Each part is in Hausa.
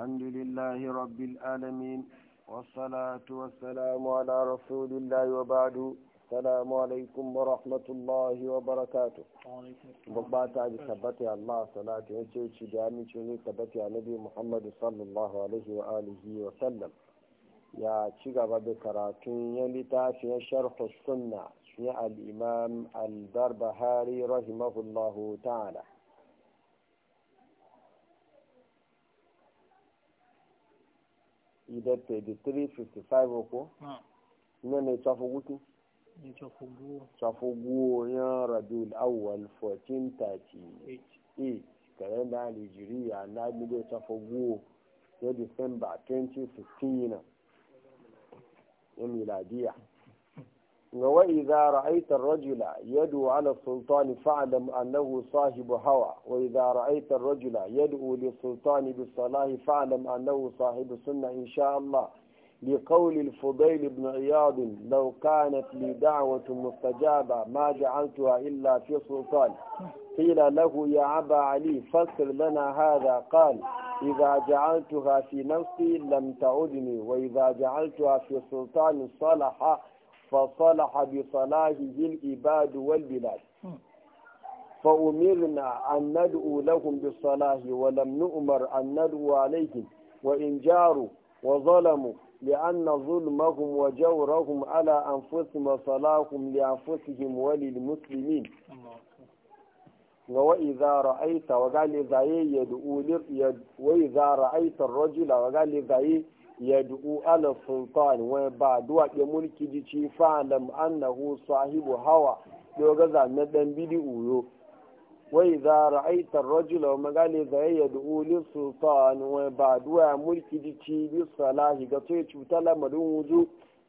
الحمد لله رب العالمين والصلاة والسلام على رسول الله وبعد السلام عليكم ورحمة الله وبركاته وبعد عن ثبت الله صلاة وشيش جامي شوني ثبت نبي محمد صلى الله عليه وآله وسلم يا شيغا بكراتين يلتا في شرح السنة يا الإمام البربهاري رحمه الله تعالى ìdẹ pèdè three fifty five ọkọ ní ẹni ìtọ́fogútú ìtọ́fogúwò yan rabiul awwal fourteen thirty eight kẹrẹ́ndà na nàìjíríà ìtọ́fogúwò ní december twenty fifteen ní miladiya. وإذا رأيت الرجل يدعو على السلطان فاعلم أنه صاحب هوى وإذا رأيت الرجل يدعو للسلطان بالصلاة فاعلم أنه صاحب سنة إن شاء الله لقول الفضيل بن عياض لو كانت لي دعوة مستجابة ما جعلتها إلا في سلطان قيل له يا أبا علي فسر لنا هذا قال إذا جعلتها في نفسي لم تعدني وإذا جعلتها في سلطان صلح فصلح بصلاحه العباد والبلاد فأمرنا أن ندعو لهم بالصلاة ولم نؤمر أن ندعو عليهم وإن جاروا وظلموا لأن ظلمهم وجورهم على أنفسهم وصلاحهم لأنفسهم وللمسلمين وإذا رأيت وقال لذعي يدعو وإذا رأيت الرجل وقال لذعي yad'u ala sultan wa ba duwa ke mulki ji ci fa'lam annahu sahibu hawa doga zanna dan bidi uyo wa idza ra'aita ar-rajula magali za yad'u li sultan wa ba duwa mulki ji ci bi salahi ga to cuta lamarin wuzu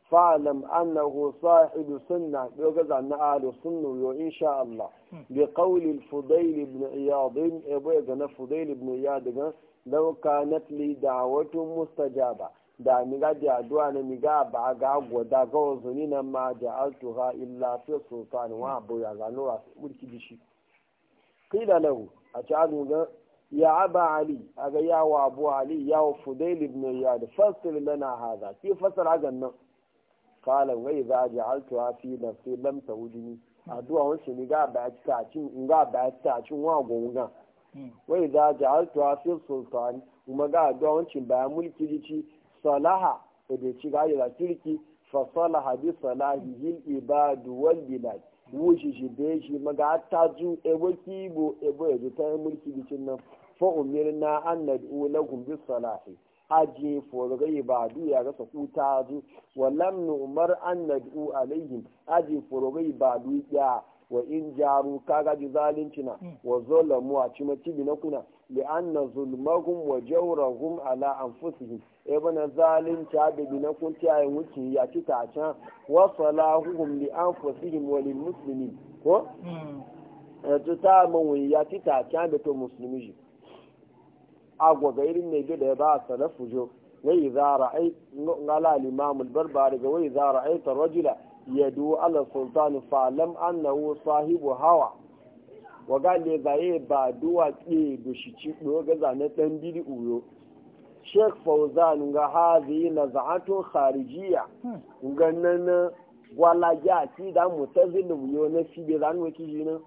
fa'lam annahu sahibu sunna doga zanna ahlu sunna yo insha Allah bi qawli al-fudayl ibn iyad ibn ibn fudayl ibn iyad ga لو كانت لي دعوة مستجابة da mi ga aduwa addu'a ne mi ga ba ga goda ga wazuni nan ma da altuha illa fi sultan wa abu ya ga nura mulki dishi qila lahu a ci azu ga ya aba ali aga ya wa abu ali ya wa fudail ibn iyad fasir lana hadha ki fasar hagan nan qala wa idza ja'altuha fi nafsi lam tawjini addu'a wancan mi ga ba ta cin in ga ba ta cin wa gonga hmm. wa idza ja'altuha fi sultan kuma ga addu'a wancan ba mulki dishi salaha da ci ga yi kirki fa salaha bi salahihi ibadu wal bilad wuce shi da shi maga ta zu ebo kibo ebo ya ta mulki bicin nan fa umirna an nad'u lakum salahi aji forga ibadu ya rasa kuta zu walam nu umar an nad'u alaihim aji forga ibadu ya wa in jaru kaga ji zalunci na hmm. wa zalamu a cimaci bi kuna li anna zulmahum wa jawrahum ala anfusihim ebe na zalunci adabi na kunti a yin wuce ya ci ta can wasu lahuhun li an fasihim wani musulmi ko? Hmm. yanzu ta mawuyi ya ci ta can da to musulmi ji agwaga irin mai gida ya ba a salafu jo wai za ra'ai ngala limamul barbari ga wai za ra'ai ta rajula ya du ala sultani falam annahu sahibu hawa waga le zaye ba duwa ke da shi ci doga zane dan bidi uyo sheikh fauzan ga hazi na za'atu kharijiya hmm. ganin wala ya ci da mutazilin yo na fiye zan waki shi nan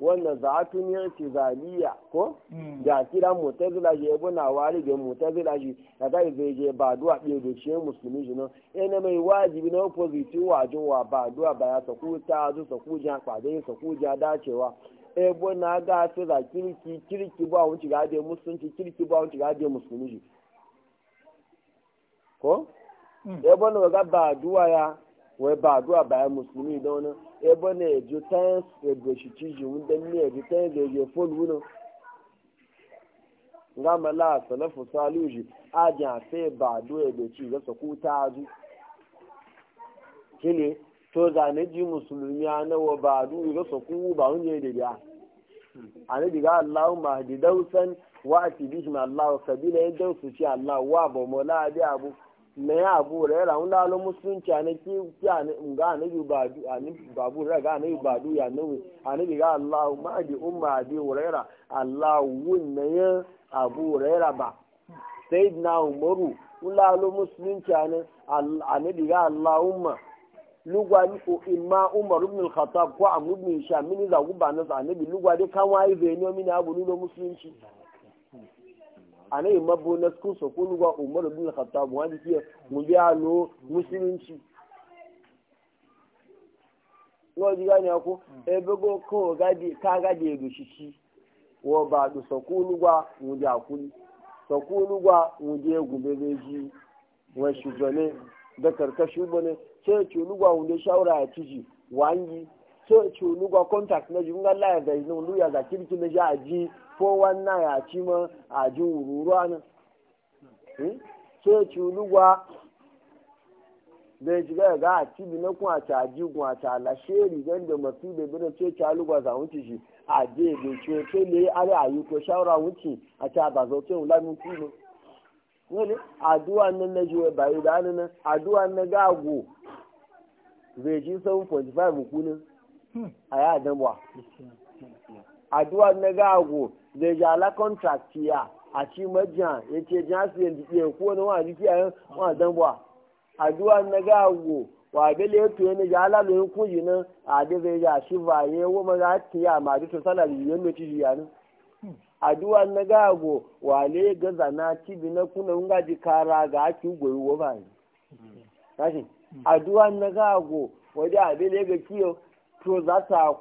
wannan za'atu hmm. ya ci zaliya ko ya ci da mutazila je ya buna wari da mutazila shi da zai be je ba dua be da shi musulmi shi nan mai wajibi na opposite wajin wa ba dua ba ya saku ta zu saku ja kwadai saku ja dacewa ebo na ga su da kirki kirki ba wuce ga musulunci kirki ba wuce ga da musulunci. ko hmm. ebo na ga ba aduwa ya wai ba aduwa ba ya musulmi da wani ebo na ejo tayin ego shi ciji wunda ni ejo tayin da ejo folu wuna nga mala salafu saluji aja fe ba aduwa ego ci ga su kuta azu kile to zane ji musulmi ya wa ba aduwa ga su ku ba wunye da biya hmm. ani diga allahumma hadi dausan wa ati bihim allah sabila yadda e su ci allah wa ba mola abi abu na ya abu rera wani alo musulunci a na ki a ga anabi badu ya nawi anabi ga allah di umma abi rera allah wun abu rera ba sai na umaru ụlọ alo musulunci a na lugwa ni ko imma umar ko na anabi lugwa dai kan anayi mabbo na sukun sokonu wa umaru bin khattab wani fiye mu biya lo musulunci wọ́n ti gani ọkọ ebego kan kágádé èdè ṣíṣí wọ́n ba do sọ̀kú olúwa wọ́n di àkúlí sọ̀kú olúwa wọ́n di egun bèbè jí wọ́n ṣùgbọ́n ní dẹ́kẹ̀rẹ́kẹ́ ṣùgbọ́n ní ṣéèkì olúwa wọ́n di ṣáwúrà àtijì wọ́n yí ṣéèkì olúwa kọ́ńtàkì náà yìí ń gá láyà gàdí náà olúyàgà kìrìkì náà yà á jí ko wannan ya ci ma a ji wururuwa nan hmm? sai ci lugwa da shiga ga a ci bi na kun a ci a ji kun a ci a lashe rigar da masu da bi na ce ci za wuce shi a je da ce ce ne are a yi ko shawara wuce a ci ba zau ce wula min kuma wani aduwa nan na jiwa bayi da hannun nan aduwa na gago zai ji 7.5 kunin hmm. a yi adamwa aduwa na gago da jala contract a ci majiya ya ce na wani jiki a yan wani dambuwa a duwa na gawo wa ya na jala loyin kuji nan a zai ya shi ba ya yi wama za ta yi ma da sosala da a duwa na wa le ga zana cibi na kuna wunga ji kara ga ake goyi wa ba a duwa na ga kiyo to za ta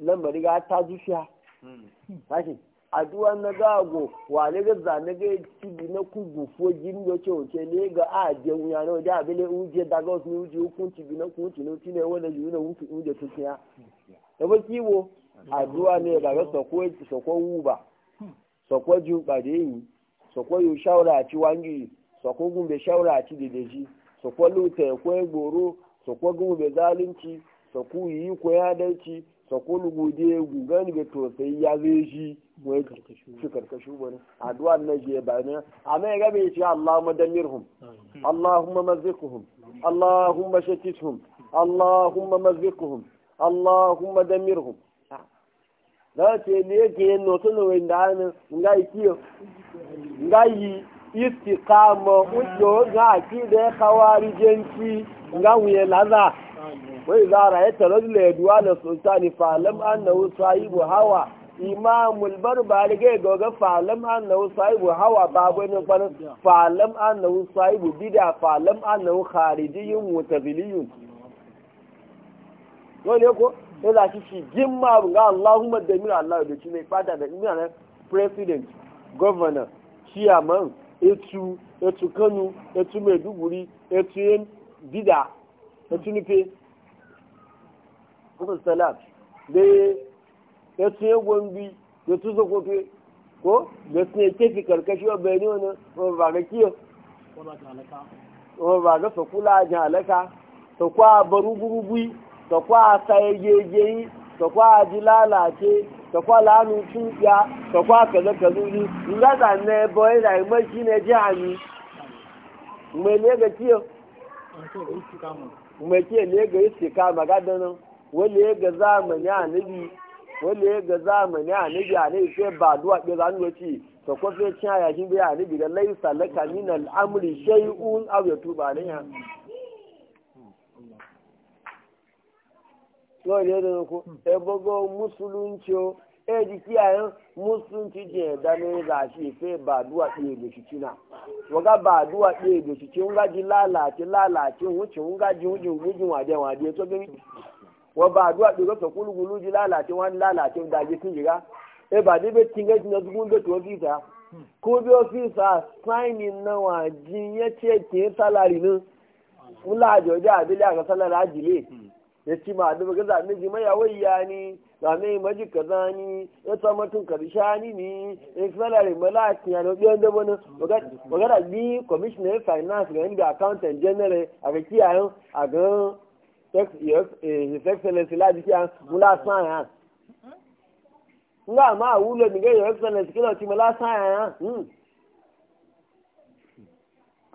lambari ga ta zuciya hmm. kashi aduwa na gago wale ga zane ga tibi na kugu fo jini ga ce wace ne ga a je wuya na wajen abin ne uje daga wasu ne uje hukun tibi na kugu tinu tine wanda jiwu na hukun uje tukiya da ba kiwo aduwa ne daga sako wuba sako ju bade yi sako yu shawara a ci wangi sako gumbe shawara a ci dedeji sako luta ya kwaye goro sako gumbe zalunci sako yi koya adalci sakon gode gugan ga tosai ya zai shi wai shi karkashu wani addu'a na je ba ne amma ya gabe ya ce Allahumma damirhum Allahumma mazzikuhum Allahumma shatithum Allahumma mazzikuhum Allahumma damirhum da ce ne yake yin notu ne wanda ana nga yi kiyo nga yi istiqama ujo ga ki da jenki nga wuye laza wai za a ya tarar da yaduwa da sultani falam annahu sahibu hawa imamul barbari ga goga falam annahu sahibu hawa babu ne kwan falam annahu sahibu bida falam annahu kharijiyun mutabiliyun wani ko ya za shi shi jimma ga Allahumma da mira Allahu, da shi ne fata da mira na president governor chairman etu etu Kano etu Maiduguri etu bida etu nufe musu salam da ya tsaye gombi da tuzo kofe ko da tsaye kefi karkashi wa bayani wani ba ga kiyo ba ga sakula a jalaka ta kwa baru gurugui ta kwa saye gegeyi ta kwa ji lalace ta kwa lanu tuya ta kwa kaza kaza ni in ga zanne boye da yi mai shine ji ani mai ne ga kiyo mai kiyo ne ga istikama ga danan wanda ya ga zamani annabi wanda ya ga zamani annabi annabi sai ba duwa ke zan wuce to ko sai cin yakin bai annabi da laisa laka min amri shay'un aw yatuba alayha ne da e bogo musulunci e kiyayen musulunci je da ne za shi sai ba duwa ke waga ba duwa ke da shi ji lalace lalace wuce wuga ji wa ba duwa ɗiga ta kulu gulu ji lalace wani lalace da ji sun jiga e ba dai bai tinga ji na zugun da to visa ko bi ofisa signing na wa ji ya ce ke salari ne wula jojo abili a ga salari ajile ya ci ma da ga zaɓe ji mai yawai ya ni zane maji kaza ni ya samu tun karsha ni ni e ya salari malaki ya na biyan da wani magana bi commissioner finance ga inda accountant general a ga kiyayen a ga Eh, his excellency láti kí na lásán yàn nígbà máa wúlò nìgbẹ́ your excellency kí lọ ti hmm. mo lásán yàn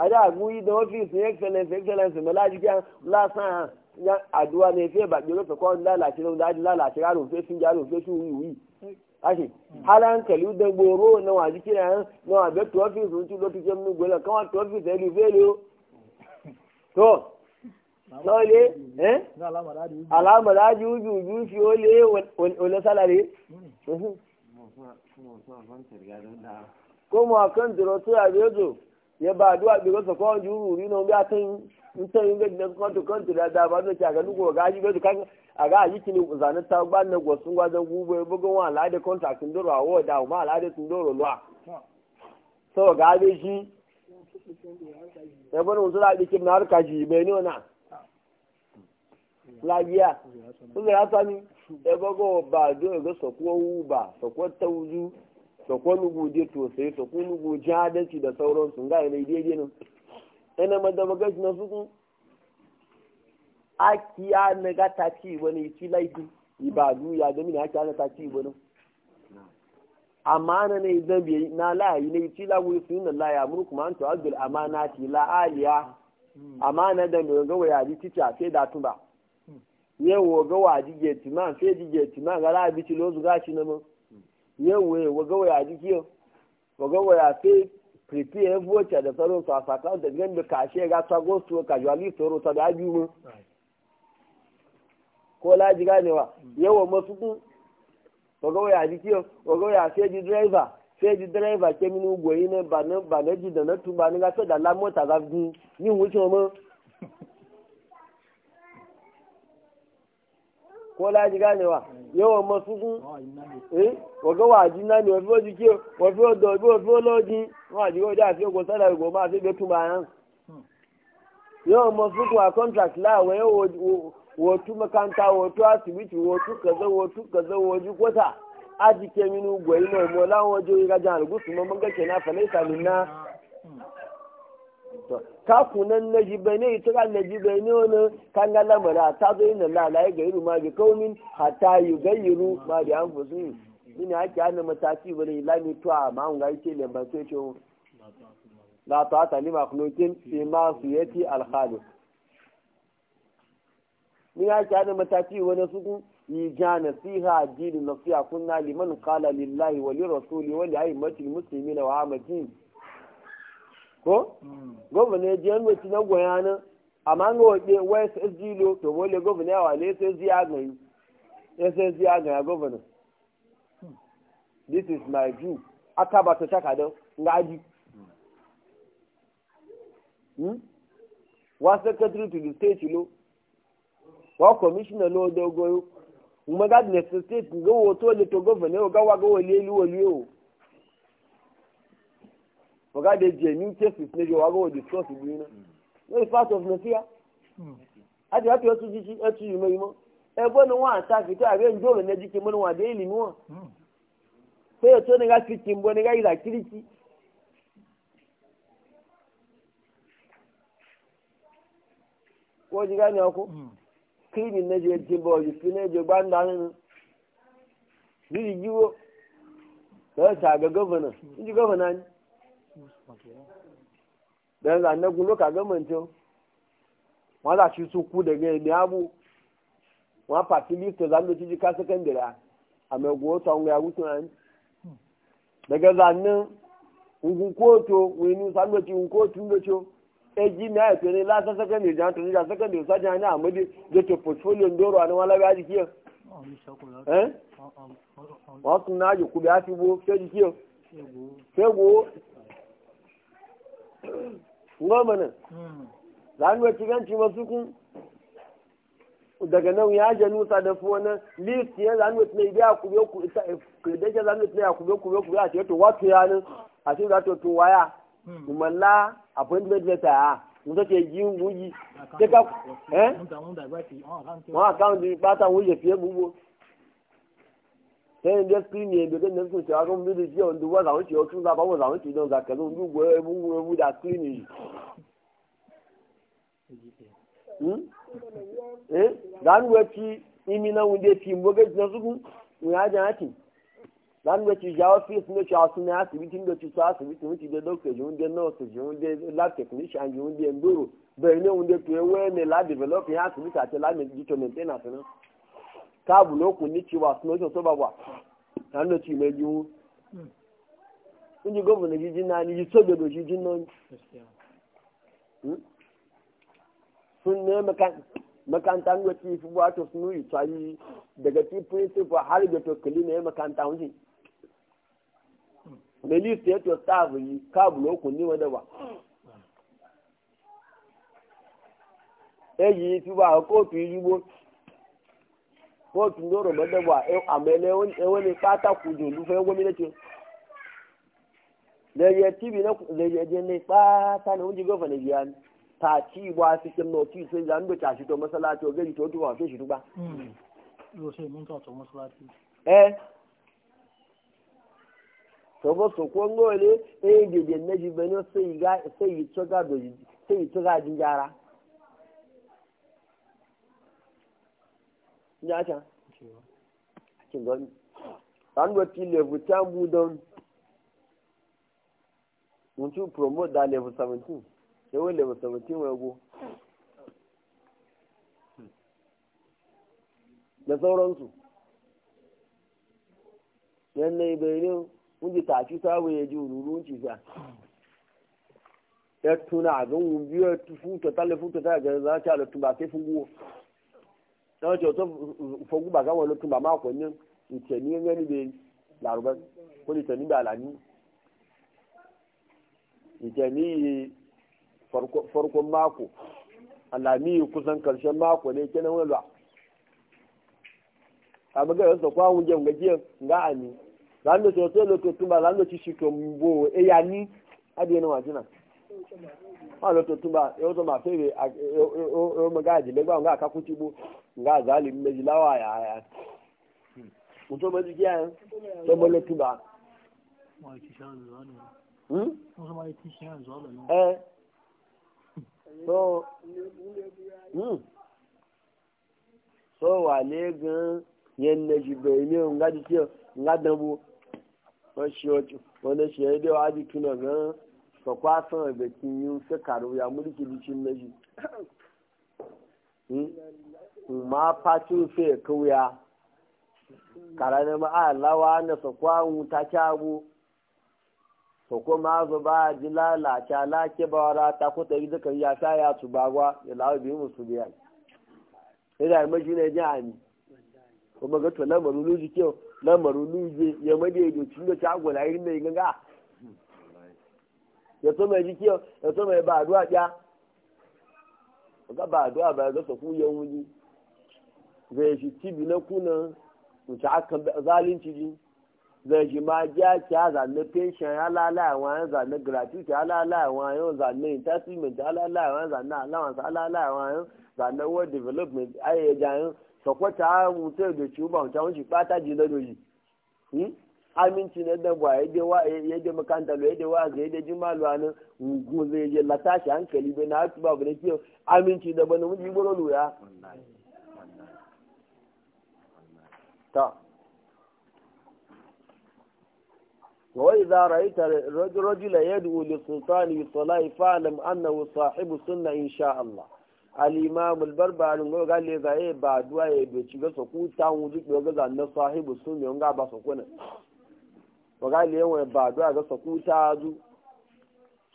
ajá àgún yìí dán ọ́fíìsì excellency excellency mo láti kí mo lásán yàn àdúrà ní efe ìbàjẹ́ olóòtú kọ́ lálàṣẹ ló ń dájú lálàṣẹ rárá òfé fún yàrá òfé fún wíwí yìí láti hálà ń kẹ̀lú dẹ́gbòrò náà àti kí náà àbẹ́ tó ọ́fíìsì ń tún lọ́ọ́ fi jẹ́ mú gbẹ́lẹ̀ káwọn tó ọ́fíìsì ẹ̀ lè fẹ́ lé o tó. lọ́ọ̀lẹ́ ẹ́ alámọ̀dájú ojú ojú ó lé olóṣàlàyé. kó mọ̀ kán tó yàrá ètò yẹ bá àdúrà gbé kọ́sọ̀ kọ́ ojú rú rí bí atẹ́yìn ntẹ́yìn bẹ́ẹ̀ dínà kọ́ńtò kọ́ńtò dáadáa bá lóṣù àgbẹ̀ lóko tá a bá nà gbọ̀sùn gbàdán gbogbo ẹ̀ bọ́gán wọn àlàyé kọ́ńtà tó ń dọ̀rọ̀ àwọ̀ ọ̀dà àwọn tó ń dọ̀rọ̀ lọ́à sọ̀rọ̀ gàá lé sí wọn tó láti kí ní àrùkà jù lafiya kuka ya ya ba do ga sako wuba sako tauzu sako luguje to sai sako luguje adalci da sauransu ga yana daidai suku na ga ibadu ya na amana ne idan na ne la ya murku man to abdul amanati la aliya amana da ga waya ji ci sai da nye woga wa jije tima fe jije gara abiti lozu gashi na mo nye we ya wa jikiyo woga wa fe prepare da tsaro su a sakon da gan da ga tsago su ka da biyu mu ko laji ganewa yawa masu kun woga wa jikiyo woga wa fe driver fe driver ke na na ga so da la mota ga ko laji ganewa yawan masu sun eh waga waji na ni wafi ozi ke wafi odo wafi wafi oloji waji ko da fi ogo sada ogo ma fi betu ma yan yawan masu kun a wotu makanta wotu asibiti wotu kaza wotu na mo na to ka kunan na jibane ita kan na jibane wani kan ga lamara ta zo inda lala ya gairu ma bi kaumin hatta yi gairu ma bi an fusu ni ne ake mataki wani a ga ike lemban sai ce la ta ta lima kunokin fi ma su yati alhalik ni ake hannun mataki wani suku يجا نصيحة ko gwamna ya ji yan wacce na goya na amma ga wace wai ssg lo to wale gwamna ya wale ssg ya gayu ssg ya gaya gwamna this is my view aka ba ta taka don nga aji hmm. hmm? wa secretary to the state lo wa commissioner lo dogoyo mo state ngo wo to to governor ga wa oga dey genuine cases ne yo wago discuss with you mm. no is part of i dey happy otu jiji otu yume yumo ebo no wa attack to are njoro ne jike mo no wa dey ilimi won so yo to ne ga fiti mbo ne ga ira kiriki ko ga jimbo ji fine je gbanda ninu gọ́vọ̀nà, gọ́vọ̀nà ni. dan zanen gun loka gamancin wọn su ku abu wọn listo zanen ci a mai gowa onwe wani agu tunan daga zanen ngun koto wani zanen ci ndocho eji na sa jan ne amadi da to portfolio ndoro a wala ba jikiyo wọn tún náà yòókù bí a ti wo goma nan hmm. za mu ci ganci masu kun daga nan ya je nusa da fi wani list ya za mu tunai biya ku biyo ku ita kredensha eh, za mu tunai ku biyo ku biyo a ce to wato ya nan a ce za to to waya hmm. umalla appointment letter ya nso ke yi wuyi ta ka eh wọn account ba ta wuyi fiye gbogbo sai da da da na wunde ti mboga na su da da Ka ló kù ní tiwa sinóṣù tó bá wà ndị tì mẹ́jú wú. iji gómìnà jíjí náà ji yìí sódodo na makanta ń gbẹ̀tì ìfúnbọ̀ àti sunu ìtọ́ yìí daga tí píríncípù na ya makanta ń sìn. Mẹ́lí ìsètò sáàbù yìí káàbù ló kù kotun doro bada ba eh, a mele eh, wani fata ku jolu gwamnati da ya tibi na da ya je ne fata ne wani gofa ne biya ta ci ba su kin no ci sai zan do tashi to masallaci gari to to ba sai shi duba yo sai mun ta to masallaci eh to ba so ko ngole eh de de ne ji sai ga sai yi to ga do sai yi to ga jinjara ya ake cikin gani an wata level hmm. ta budon mutu promote da level 17 sai wani level 17 mai go da sauransu yanayi bayanin wunji tafi sabu ya ji rurun cisa ya hmm. e tuna a gan wumbi ya e futo tale futo ta ga za ta da tumba sai funguwa ta wace wata fagu ba gama lokacin ba makonnin litani yan gani da larubar ko litani da alami litani farkon mako alami kusan karshen mako ne kenan wani ba a magana yasa kwa wunje nga jiya nga ani lando ci hotel lo tumba lando ci shito mbo e ya ni adi eno wa jina ma lo tumba e o to ma fere o magaji le gba nga akakuchi bo nga zalimi na jilawa ya haya mutum mai jiki yayin don bane tuba hmm? eh so hmm so wale gan yen na jibe ni o nga jiki nga dambo wọ́n ṣe ọjọ́ wọ́n lè ṣe ẹdẹ wájú túnà gan sọ̀kọ́ asán ẹ̀bẹ̀ kí n ya ma fatin fe kara karane ma a ah, lawa na su kwanu ta cagu su kuma su ba ji lalace lake ba wara ta kuta yi duka ya sa ya su bagwa ya lawa biyu musu biyan ya da mashi ne ji ami kuma ga to lamarin luji kyau lamarin luji ya made ya doci da cagu na irin mai ganga ya to mai ji kyau ya to mai ba aduwa ɗya ga ba aduwa ba ya ga su ku yawon yi zai shi tibi na kuna wuce aka zalunci ji zai ji ma ja ki ya zane pension ya lalaya wa ya zane gratuity ya lalaya wa ya zane entertainment ya lalaya wa ya zane allowance ya lalaya wa ya zane world development ayé jayin sọkọta mutu da ci ba wuce wuce pata ji na doji hmm? aminci na dan ba je wa ya je makanta lo ya je wa ga ya yadda jimalu anan ngu zai je latashi hankali bai na hatu babu da kiyo aminci da bana mun ji goro ya ta وإذا رأيت رجل يدعو للسلطان بالصلاة فاعلم أنه صاحب السنة إن شاء الله الإمام البربري قال لي إذا إيه بعد واي بيتشي سكوت تاو جيك بيقول أن صاحب السنة ينقع بسكونة وقال لي يوم بعد واي سكوت تاو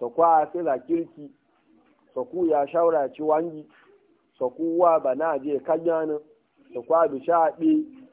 سكوا سيلا كيركي سكوا يا شاورا تشوانجي سكوا بنا جي كجانا سكوا بشاعبي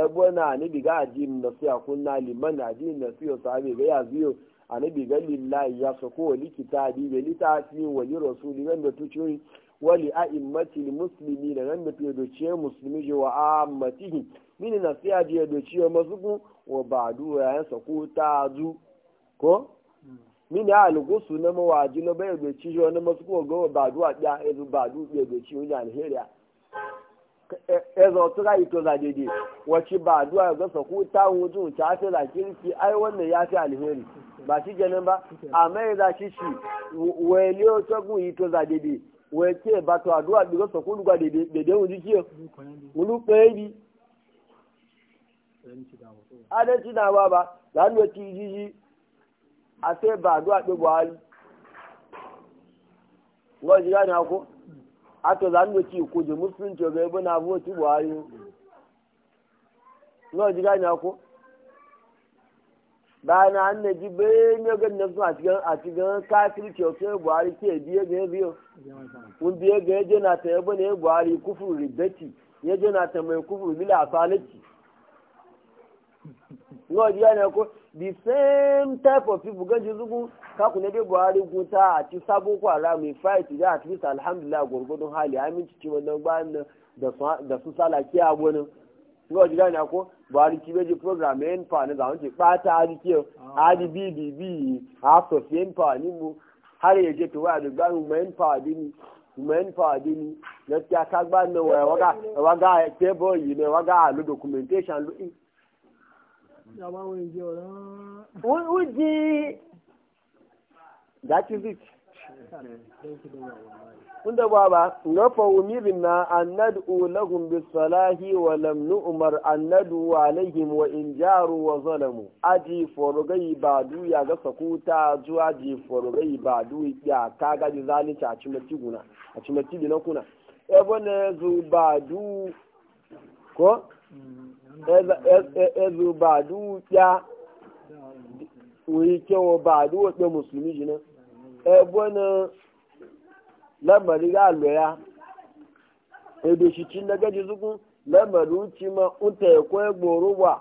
ebo na anibi ga aji na siya kunna liman aji na siya sahabi ga ya biyo anibi ga lillahi ya so wali kitabi ga litafi wali rasuli nan da tuci wali a muslimi da nan da fiye musulmi ji wa ammatihi mini na siya ji dociye mazugu wa ba'du ya yansa ko ta zu ko mini alugusu na na bai doci wa wa ezo tura ito za dede wacce ba duwa ga saku ta hutu ta fi da kirki ai wannan ya fi alheri ba shi kenan ba amma ya za shi shi wele otogun ito za dede wake ba to aduwa duga saku duga dede hunji kiyo wulu peyi adalci na ba ba lanuwa ti jiji a sai ba aduwa ɗi buhari wọ́n ti ako ato za ndo ci musulun jomu sun ebe na bana e voti buhari no jiga nya ko bana an ne ji be ne ga ne su a cikin a cikin kafiri ce sai buhari ke biye ga biyo kun biye na ta yabo kufuru riddati ya je na atọ mai kufuru mili salati no jiga nya the same type of people ga ji zugu kaku na dai buhari guta a ci sabo kwara mai fight da at least alhamdulillah gurgudun hali aminci ci wannan bayan da su salaki a gonin yau ji gani ko buhari ci beji program yan fa na zaman ce bata hali ke hali bbb a sofi yan fa ni mu har to wa da gani yan fa fa gaskiya ka waga waga table yi ne waga alu documentation lu ya ba wani je wa that is it kunda baba na fa na an nad'u lahum salahi wa lamnu umar an nad'u alaihim wa in jaru wa zalamu aji forogai badu ya ga sakuta zuwa ji forogai badu ya ka gaji zalinta a cimati guna a cimati kuna e bone zu du ko mm, Ezu e, e, e, ba du ya wòye kí ba bá àdúgbò pé mùsùlùmí jìnnà ẹgbẹ́ náà lẹ́mọ̀rí yà lọ ya èdè ṣìṣì lẹ́gẹ́dì sókún lẹ́mọ̀rí ń ti mọ ń tẹ̀ ẹ̀kọ́ ẹgbòrò wà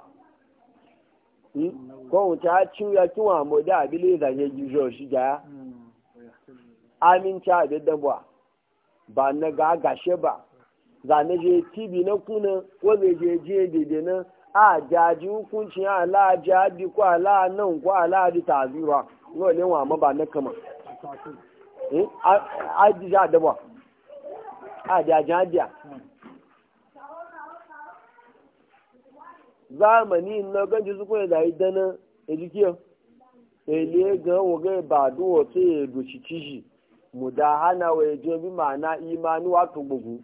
kọ́hùn tí a ti ń ya kí wọn àmọ́dé àbílẹ̀ ìdàgẹ́ ju ṣọ́ọ̀ṣì jà á aminci a da dabwa ba na ga gashe ba za na je tibi na ku ko zai dede na a jaji hukunci ala jadi ko ala nan ko ala di tabiwa no ne wa ma ba na kama eh, a ji ja da ba a jaji ajiya zamani na ganji su kuma da idana ejikiyar ele ga woge ba duwo te edo chichiji mudahana wa ejo bi mana imanu wa to gbogbo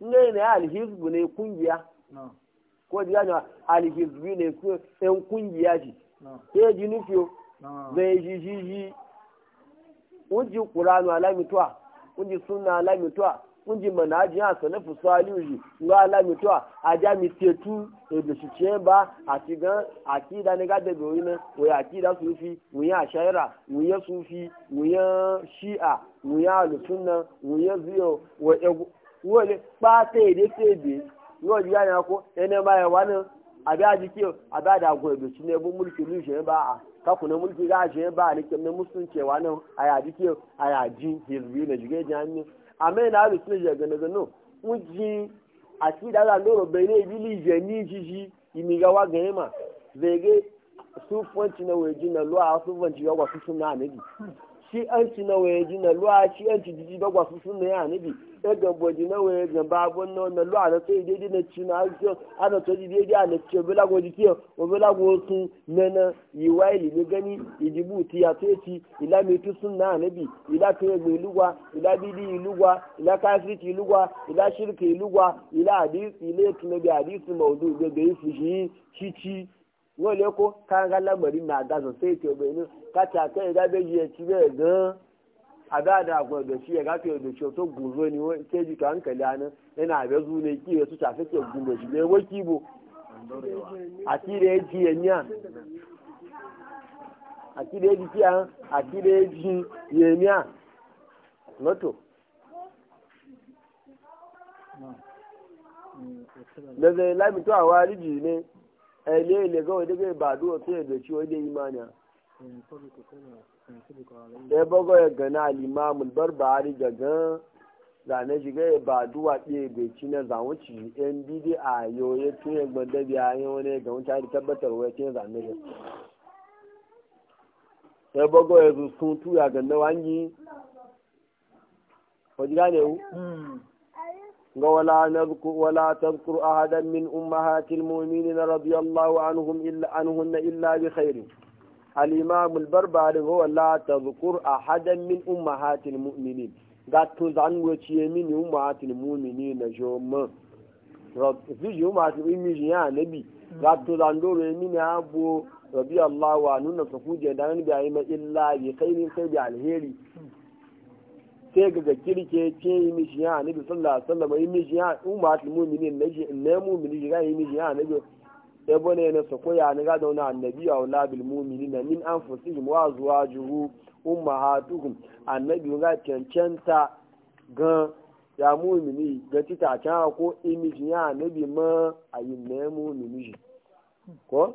ne ne alhizbu na kungiya ko ji gani alhizbu na yan kungiya ji ke ji nufiyo zai ji ji ji kun ji kuranu alamituwa kun ji suna alamituwa kunji manaji ya salafu salihu ji nga ala mi to aja mi tetu edo shiche ba ati gan akida ne ga de go ina we akida sufi we ya shaira we ya sufi we ya shi'a we ya alusunna we ya ziyo we wole pata ede sebe yo ji ya ko ene ma ya wani abi aji kiyo abi ada go edo shi ne bu mulki lu je ba a kaku na mulki ga je ba ni kem ne musun cewa nan aya ji kiyo aya ji hizbi ne jige jani àmẹ́ náà lè tún ìjẹ́ gẹ̀nẹ́gẹ̀ náà ń jí àti ìdára lọ́rọ̀ bẹ̀rẹ̀ ìbílẹ̀ ìjẹ́ ní ṣíṣí ìmìgawa gẹ̀yìn mà zège sún fọ́ǹtì náà wẹ̀ jí náà lọ́ àwọn sún fọ́ǹtì yọ̀wọ̀ tuntun náà shi an ci na waye ji na luwa shi an ci jiji bagwa su sun na yana bi ya gambo ji na waye gamba abun na wannan luwa na sai daidai na ci na alfiyo ana to ji daidai ana ci obila go ji kiyo obila go sun nana yi wa ili ni gani ijibu ti ya to ci ila mi tu sun na yana bi ila to egbe ilugwa ila bidi ilugwa ila kafiriki ilugwa ila shirka ilugwa ila hadisi ila etunabi hadisi maudu gbegbe ifushi shi ci wọ́n ko káńgá lágbẹ̀rí ní àgàzọ̀ sí ètò ọgbẹ̀ inú káàkiri akẹ́yìn dábẹ́ yìí ẹtí bẹ́ẹ̀ gan-an àbáàdà àgbọ̀n ọ̀dọ̀ sí ẹ̀ká fi ọ̀dọ̀ sí tó gùn ni wọ́n tẹ́jú ká ń kẹ̀lé aná ẹ̀nà àbẹ́zú ní kí ẹ̀ tó ṣàfẹ́kẹ̀ gùn lò sí kí ibo àti ilẹ̀ ẹjì ẹ̀yìn à àti ilẹ̀ ẹjì kí à àti lọ́tọ̀. láìpẹ́ tó àwọn ẹ̀lẹ́ ìlẹ́gọ́ òdégé ìbàdó ọ̀tún ẹ̀dọ̀ tí ó dé ìmánà. ẹ bọ́gọ́ ẹ gànà àlìmáàmù barbari gàgán zànà ṣìgá ìbàdó wà pé ẹ̀dọ̀ tí náà zàwọn tì í ẹn bí dé ààyò ẹ tún ẹgbọn dẹbi ààyè wọn ní ẹgbọn tí a ti tẹ́bẹ̀tẹ̀ wọ ẹtí zànà rẹ. ẹ bọ́gọ́ ẹ tuntun tú àgànà wá ń yí. ọ̀dìgá ولا نذكر ولا تذكر أحدا من أمهات المؤمنين رضي الله عنهم إلا عنهن إلا بخير الإمام البربري هو لا تذكر أحدا من أمهات المؤمنين gato zanwe ciye mini umatin mumini na joma zuji umatin imiji ya nabi mini abu rabi Allah wa nuna sakuje da nan biya yi illa bi sai bi alheri sai ga kirke ce yi mishi ya annabi sallallahu alaihi wasallam yi mishi ya ummatul mu'minin naji ne mu'mini ga yi mishi ya annabi ya bane na sako ya ni ga dauna annabi wa labil mu'minin min anfusihim wa azwajuhu ummahatuhum annabi ga cancanta ga ya mu'mini ga tita ta ko imishi ya annabi ma ayin ne mu'mini ko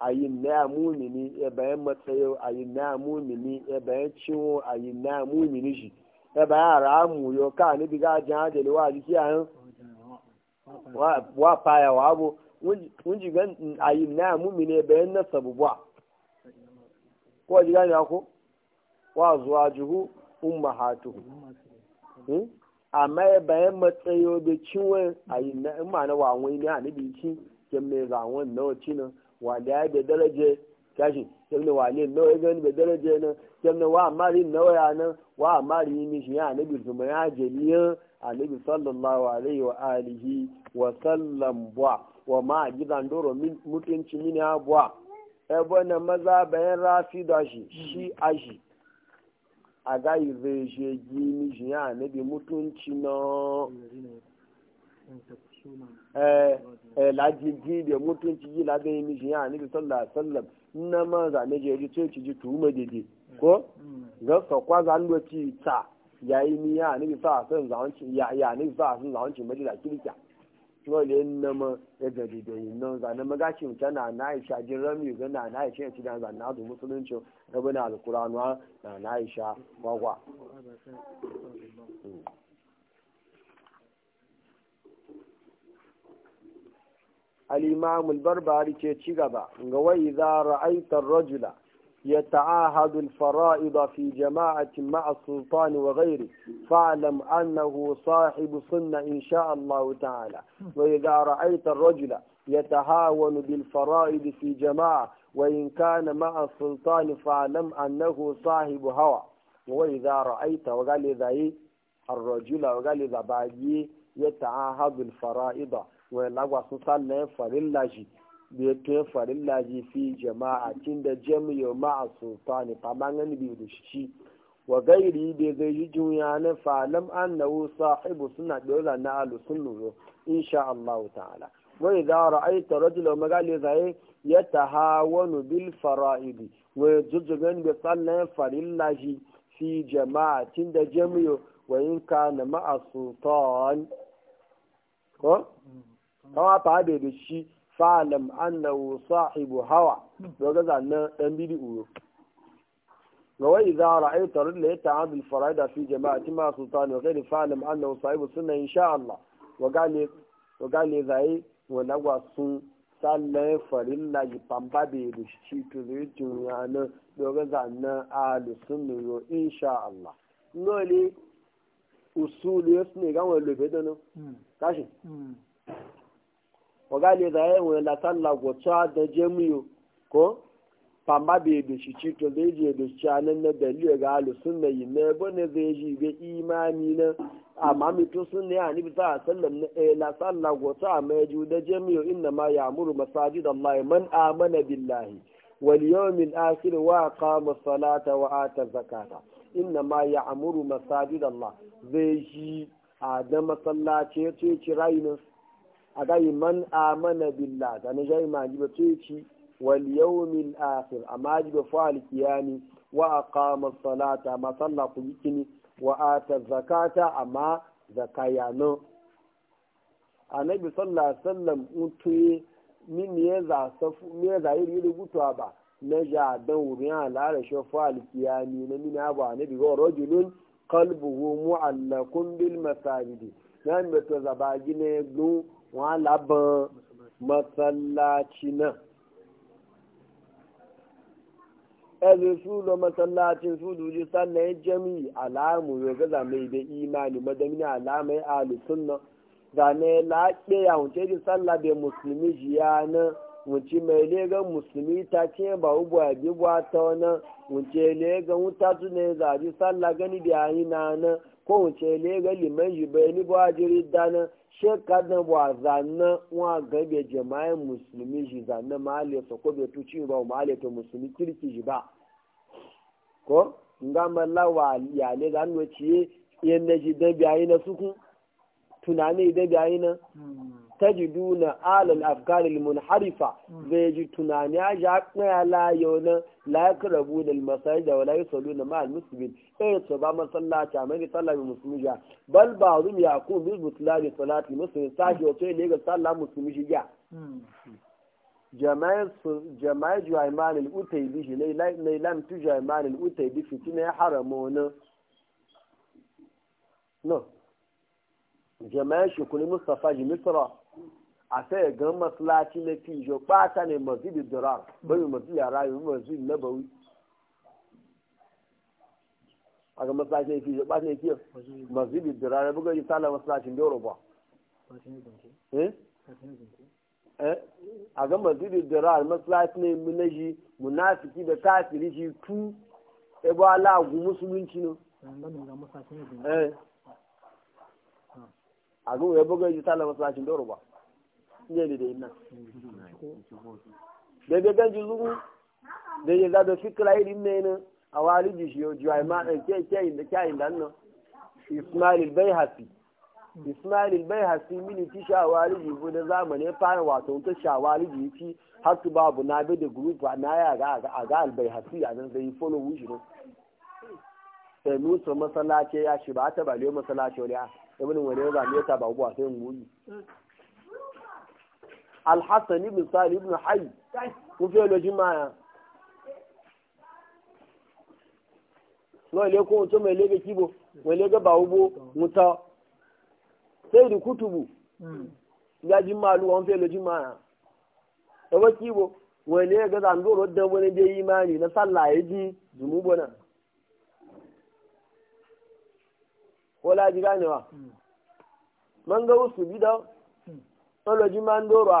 ayin na mu'mini ya bayan matsayo ayin na mu'mini ya bayan ciwo ayin na mu'mini shi ẹ̀bà ara amúyọ káà níbi ká jẹ́ àjẹlẹ̀ wà ní kí wà payà wà bò wọ́n jì àyè náà na ní ẹ̀bẹ̀ ẹ̀ nẹ́sà à kó zuwa juhu umma hatu amma ya bayan matsayo da ciwon ayi na imma na wawon a nabi ci kemme zawon na wanda ya da daraje kashi na na wa mari mi shi ya nabi zuma ya jeliyan annabi sallallahu alaihi wa alihi wa sallam bwa wa ma gidan doro mutunci mini abuwa ebe na maza bayan rafi da shi shi ashi a gaghị zai shi gini shi ya annabi mutunci na eh, eh, lajiji da mutunci yi lagayi mi shi ya annabi sallallahu alaihi wa sallam na maza na jeri sai ci ji tuhuma daidai ko mm. ga kwa za nuna ti ta yi ni ya ni sa san zawanci ya ya ni sa san zawanci mai da kirkiya to le ma ya da yin nan zan ma na cin tana na Aisha jin rami ga na na Aisha ci dan zan na zu musulunci ga bana na na Aisha gwagwa mm. al-imam al-barbari ce ci gaba ga wai za ra'aita rajula يتعاهد الفرائض في جماعة مع السلطان وغيره فاعلم أنه صاحب سنة إن شاء الله تعالى وإذا رأيت الرجل يتهاون بالفرائض في جماعة وإن كان مع السلطان فاعلم أنه صاحب هوى وإذا رأيت وقال إذا الرجل وقال إذا باقي يتعاهد الفرائض وإلا وصلنا فرلاجي bi to farin laji fi jama'a cin da jami'a ma'a sultani famangan bi da shi wa gairi bai zai yi juya na falam an na wusa haibu suna ɗola na alusun luro insha Allah ta'ala wai za a ra'aita rajula magali zaye ya ta hawanu bil fara'idi wai jujjugan bai tsallayen farin laji fi jama'a cin da jami'a wa yin ka na ma'a sultani ko? Mm. Kawa fa da shi fa'alam annahu ibu hawa daga ɗan dan bid'u ga wai idza ra'aita rilla yata'ad al da fi jama'ati ma sultan wa ghayri fa'alam annahu sahibu sunna insha Allah wa gane wa gale zai wa lagwa sun sallan farilla ji pamba be du shi to le junyana daga zannan ahli sunna yo insha Allah nole usulu yasne ga wani lobe da no kashi hmm. hmm. waga le da yayin wani latan lagwata da jemiyo ko pamba bai da shi ci to zai je da shi anan na dalilin ga alusun na yi na ne zai ji ga imani na amma mutum sun ne a nibi sa sallam na eh la salla gota a mai ju da jami'o inna ma ya'muru masajid allahi man amana billahi wal yawmil akhir wa qama salata wa ata zakata inna ma ya'muru masajid Allah zai ji a da masallaci ya ce ci agayi man amana billah na jai ma ji ba wal yawmil akhir amma ji ba fa alkiyami wa aqama salata ma salla ku yikini wa ata zakata amma zakayano anabi sallallahu alaihi wasallam utuye min ne za safu ne za yi rubutuwa ba na ja dan wurin alara a fa alkiyami na min abu anabi go rajulun qalbuhu mu'allakun bil masajidi nan beto zabagi ne gun wọn laban masallaci nan ẹzẹ su lọ masallacin su duji sannan jami'i alamu ya gaza mai da imani madamini alamai alisun nan zane laƙe ya wuce ji sallah da musulmi jiya nan wuce mai legan musulmi ta ce ba ubu a bi ta wani wuce legan wuta su ne zaji sallah gani da yayi na nan ko wuce legan liman jibai ni ba jiri da nan shekka da wa zanna wa gabe jama'in e musulmi shi zanna mahaliyarsa ko bai tuci ba ta musulmi kirki shi ba ko nga malla wa yane da hannu ci yan na shi dan biyayi na suku tunani da biyayi na tajiduna alal afkar al munharifa zai ji tunani a ja kuma ya layo na la yaqrabu lil masajid wa la yusalluna ma al muslimin eh to ba masallaci amma ni sallah muslimi ja bal ba'dhum yaqum bil butlani salati muslim sai yo to ne ga sallah shi ja jama'a jama'a ju'aiman al utaybi shi ne ne lam tu a sai ga na fi jo ɓata ne masjidi durar bayu masjidi a rayu na a ga maslaci na fi jo ɓata ne fiye maslacin doro ba a ga masjidi durar maslaci ne munaji munafiki da kafiri shi tu e ala alagu musulunci ne eh? a ga wuya buga yi maslacin doro ba nye dede ina dede ganji lugu dede gado fikra iri mena awali jishiyo juwa ima eh, ke ke inda ke inda no ismail hafi ismail albayhasi mini ti shawali jibu na zamane eh, fara wato ta shawali jifi har su babu na bi da group na ya ga a ga albayhasi a nan zai follow folo e, sai masallaci ya shi ba ta baliyo masallaci wani ibn ta ba e, sai alhassan ibn sa'id ibn hayy kun fi olojin maya wọ́n ilé kóhun tó mọ̀ ilé kíbo hmm. wọ́n ilé gẹ́ bàwúgbó mùtá sẹ́yìn kútùbù yájú máa wọn fi olojin maya ẹwọ́ kíbo wọ́n ilé gẹ́ zandoro dẹ́wọ́n ní déyí máa nì na sálà èdè dùmúbọ̀ náà su bi da máa ń a?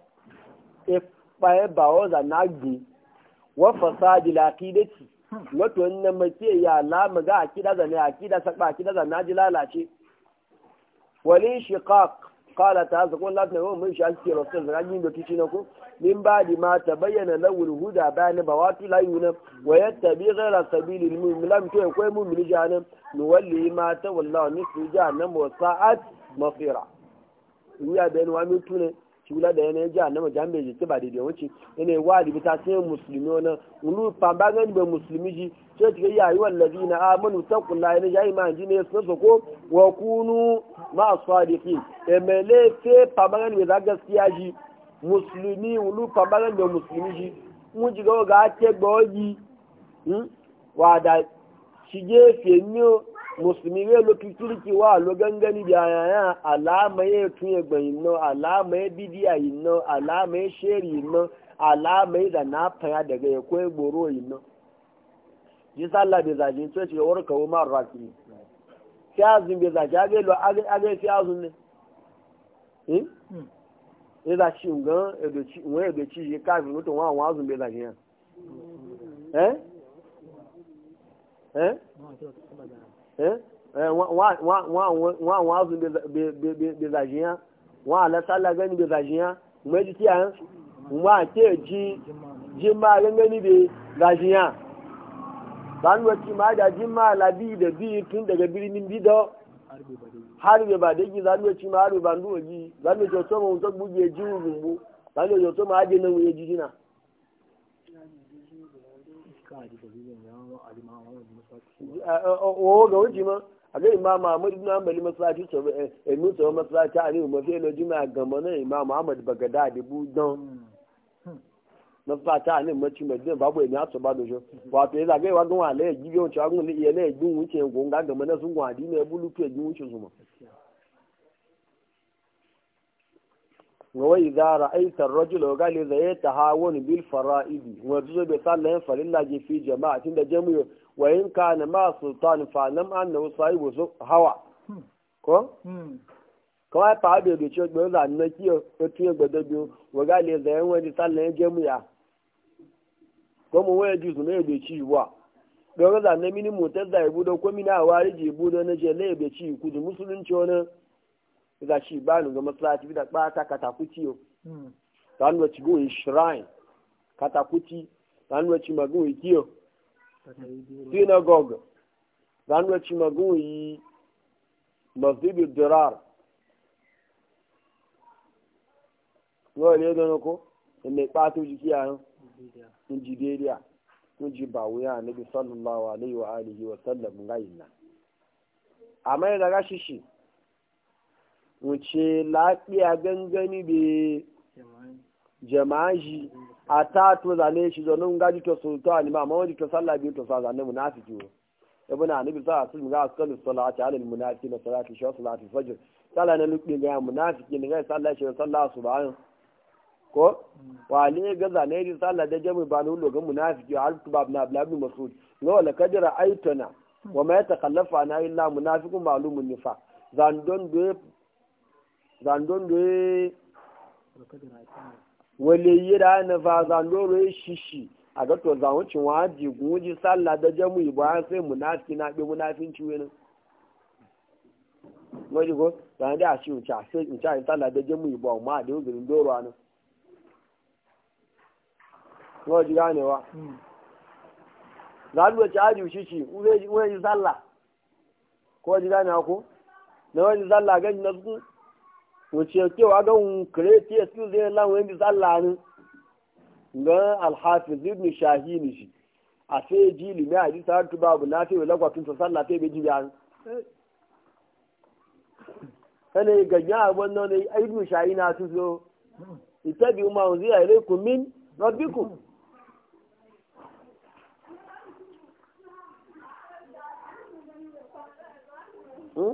e, e bawoza na gbe wa fasadi ci. wato wannan mace ya lamu ga akida zane akida sakba akida zane ji lalace wani shiqaq qala ta zako Allah ne wa mun shaki rasul zan da kici na ko min ba di ma ta bayyana lawul huda bani bawatu la yuna wa yattabi ghayra sabili al lam to akwai e mu'min jahannam nuwalli ma ta wallahu nisfu jahannam wa sa'at masira ya bayan wa mutune tula da yanayin jihar nama jihar mai jike ba daidai wacce yanayi wajibi ta sai musulmi wani wani famba gani bai musulmi ji ce ta yi yayuwar lazi na amanu ta kula yana ya yi ma'anji ne su sako wa kunu ma'a fi. emele fe famba gani bai za siya ji musulmi wani famba gani bai musulmi ji mun ji ga ga ake gbaogi hmm? wada shige fiye miyo musulmi ne lo kirki wa lo gangani da yaya alama ya tuye gbayin nan alama ya bidiya yin nan alama ya sheri yin nan alama ya da na faya daga ya koyi gboro yin nan ji sallah bai zaje to ce war kawo ma rafi sai azun bai zaje age lo age age sai azun ne eh eh da shi ngan e do ci won e do ci ye ka mi to wa wa azun bai zaje yan eh eh wọn àwọn azùn bezajiya wọn alasala gani bezajiya wọn ti tiya eh? wọn àti èjì jimma gangani bezajiya bani wacce ma da jimma labi da biyu tun daga birnin bido har bai ba da yi zanu wacce ma har bai ba ndu o ga wuce ma eh, a ga imam Ahmad ibn Hanbal masallaci so e mu so na imam Ahmad bagada de don babu e ba dojo wa pe za ga wa gun ale na egun wuce gun ga na sun gun na bulu pe gun wuce zuma ar fi wa in kana ma sultan fa nam annahu sahibu hawa ko kawai fa abe da ce gbe za na kiyo to tiye gbe biyu wa ga le zayen wani sallan je ya ko mu waye ji su ne wa do ga na mini motar da ibu da ko mini awari ji ibu da na je le be ci ku wani shi ba ni ga maslaci da bata synagogue ranar cimagun yi masjidu dirar yau ne da nako mai ɓato jiki a yan in ji daidaiya in ji ba wuya na bi sallallahu alaihi wa alihi wa sallam gayin nan amma yana gashi shi wuce lafiya gangani bai jama'a shi a ta to zane shi zo nun gaji to sultan ma amma to sallah biyu to sa zane munafiki wo ibn anabi sa asul ga asul salati alal munafiqina salati shaw salati fajr sallah na lukin ga munafiki ne ga sallah shi sallah subhan ko wale ga zane shi sallah da jami ba nu ga munafiki al tubab na ablabi masud no la kadira aitana wa ma yatakallafa na illa munafiqun ma'lumun nifaq zandon de zandon de wale yira na faza loro e shishi a ga to zawon cin waji guji sallah da jamu ibrahim sai munafiki na bi munafinci wani wani ko zan da shi in sai in in sallah da jamu ibrahim ma da yuzirin doro wani ganewa hmm. shishi wani sallah ko ganewa ko na wani sallah gani na su wuce cewa ga kireti ya su zai lan wani tsallanin ga alhafiz ibn shahini shi a sai ji limi a jisa har tuba abu na sai wala kwatun sa sallah sai bai ji biya sane ganya abun nan ne ibn shahina su zo itabi ma wanzu ya ilaikum min rabbikum Hmm?